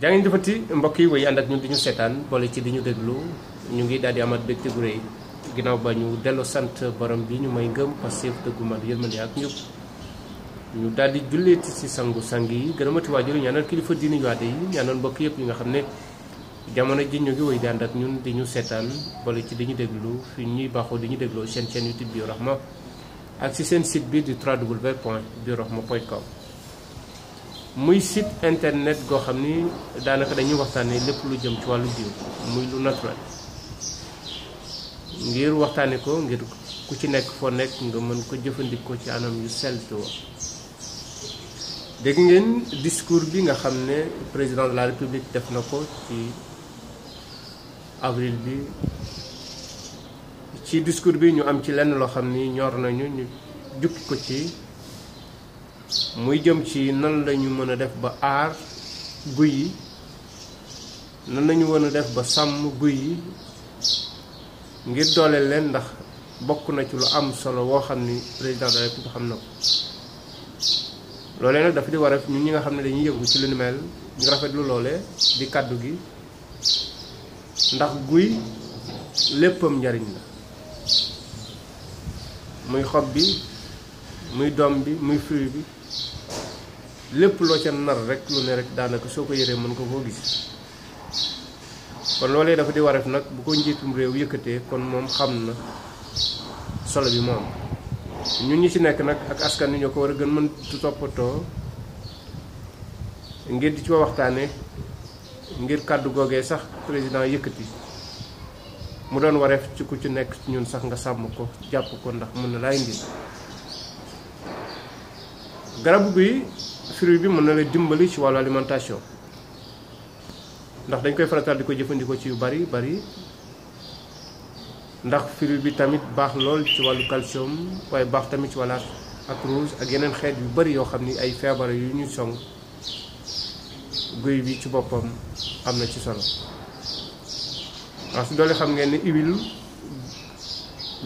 jaa ngeen jëfati mbokk yi wéy ànd ak ñun di ñu seetaan boole ci di ñu déglu ñu ngi daal di amaat bégte gu rëy ginnaaw ba ñu dellu sant borom bi ñu may ngëm pasif dëggumat yërmande ak ñëpp ñu daal di julleeti si sangu sang yi gën a mati waajur ñaanal kilifa diini ñu waate yi ñaanal mbokk yëpp yi nga xam ne jamono ji ñu ngi wéy di ànd ñun di ñu seetaan boole ci di ñu déglu fi ñuy baaxoo di ñu dégloo seen chaîne YouTube Biorahma ak si seen site bi di www.biorahma.com muy site internet goo xam ni daanaka dañuy waxtaanee lépp lu jëm ci wàllu jiw muy lu naturel ngir waxtaanee ko ngir ku ci nekk foo nekk nga mën ko jëfandikoo ci anam yu sell te dégg ngeen discours bi nga xam ne président de la république def na ko ci avril bi ci discours bi ñu am ci lenn loo xam ni ñor nañu ñu jukki ko ci. muy jëm ci nan lañu mën a def ba aar guy yi nan lañu wën a def ba sàmm guy yi ngir doole leen ndax bokk na ci lu am solo woo xam ne président de la République xam na ko loolee nag dafa di war ñu ñun ñi nga xam ne dañuy yëngu ci lu ni mel ñu rafetlu loole di kàddu gi ndax guy léppam njariñ la muy xob bi muy doom bi muy fruit bi lépp loo ca nar rek lu ne rek daanaka soo ko yéree mën ko koo gis kon loolee dafa di wareef nag bu ko njiitum réew yëkkatee kon moom xam na solo bi moom ñun ñu ci nekk nag ak askan wi ñoo ko war a gën mën toppatoo ngir di ci waxtaane ngir kàddu googee sax président yëkkati mu doon wareef ci ku ci nekk ñun sax nga sàmm ko jàpp ko ndax mën na laay ngir garabu bi fruit bi mën na la dimbali ci wàllu alimentation ndax dañ koy faratal di ko jëfandikoo ci yu bari bari ndax fruit bi tamit baax lool ci wàllu calcium waaye baax tamit ci wàllu ak rouge ak yeneen xeet yu bari yoo xam ni ay feebar yu ñu song guy bi ci boppam am na ci solo waaw su doole xam ngeen ne huile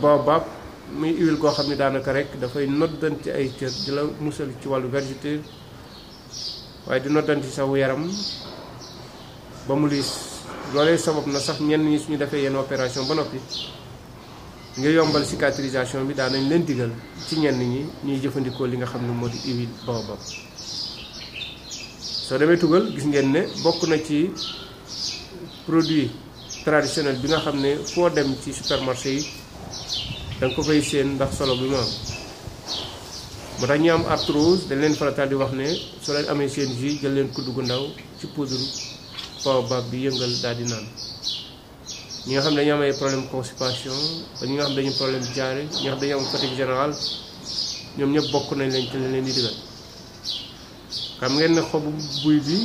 baobab muy huile koo xam ne daanaka rek dafay noddanti ay cër di la musal ci wàllu vergeture waaye du noddanti saw yaram ba mu liis loolee sabab na sax ñenn ñi suñu defee yenn opération ba noppi nga yombal catrisation bi daan nañ leen digal ci ñenn ñi ñuy jëfandikoo li nga xam ne moo di huile baobab soo demee tugal gis ngeen ne bokk na ci produit traditionnel bi nga xam ne foo dem ci supermarché yi da ko fay seen ndax solo bi mu moo tax ñu am arthrose dañ leen farataal di wax ne soo leen amee seen jus jël leen kudd gu ndaw ci poudre baobab bi yëngal daal di naan ñi nga xam ne am ay problème constipation ba ñi nga xam dañu problème diarrhée ñi nga xam dañu am ñoom ñëpp bokk nañ leen ci leen di digal xam ngeen ne xobu buy bi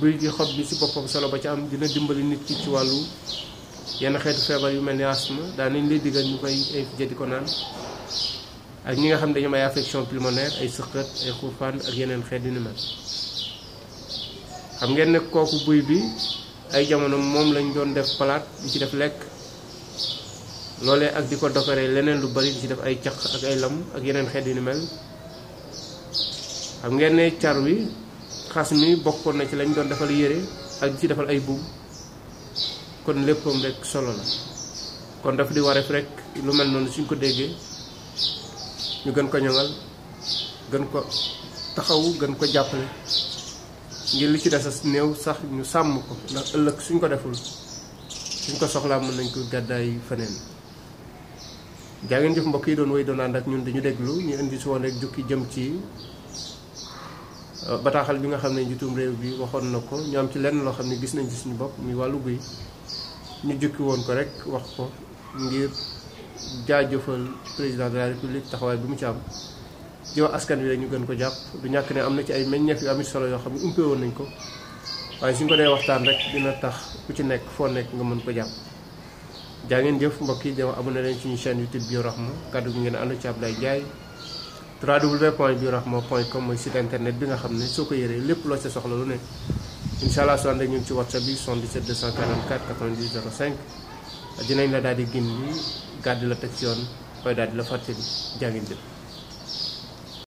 buy bi xob bi si boppam solo ba ci am dina dimbali nit ki ci wàllu yenn xeetu feebar yu mel ni asthme daa nañ lay digal ñu koy invité di ko naan ak ñi nga xam ne dañu am ay affection pulmonaire ay sëqët ay xuufaan ak yeneen xeet yu ni mel xam ngeen ne kooku buy bi ay jamono moom lañ doon def palaat di ci def lekk loolee ak di ko dokaree leneen lu bari di ci def ay caq ak ay lam ak yeneen xeet yu ni mel xam ngeen ne car wi xas mi bokkoon na ci lañ doon defal yére ak di ci defal ay buub kon léppam rek solo la kon dafa di wareef rek lu mel noonu suñ ko déggee ñu gën ko ñoŋal gën ko taxawu gën ko jàppale ngir li ci des néew sax ñu sàmm ko ndax ëllëg suñ ko deful suñ ko soxlaa mën nañ ko gàddaay feneen jaa ngeen mbokk yi doon wéy doon ànd ak ñun dañu déglu ñu indi si woon rek jukki jëm ci euh, bataaxal bi nga xam ne njiitum réew bi waxoon na ko ñu ci lenn loo xam ne gis nañ ci suñu bopp muy wàllu guy ñu jukki woon ko rek wax ko ngir jaajëfal président de la république taxawaay bi mu ci am di askan wi rek ñu gën ko jàpp du ñàkk ne am na ci ay meññeef yu amit solo yoo xam ne umpé woon nañ ko waaye suñ ko dee waxtaan rek dina tax ku ci nekk foo nekk nga mën ko jàpp jaa ngeen jëf mbokk yi dama abonné leen suñu chaîne YouTube Biorahma kàddu gi ngeen ànd ci Ablaye Ndiaye www.biorahma.com mooy site internet bi nga xam ne soo ko yëree lépp loo sa soxla lu ne incha allah soo ànd ak ñun ci WhatsApp bi 77 244 98 05 dinañ la daal di gindi gàddu la teg ci yoon daal di la fàttali jaa ngeen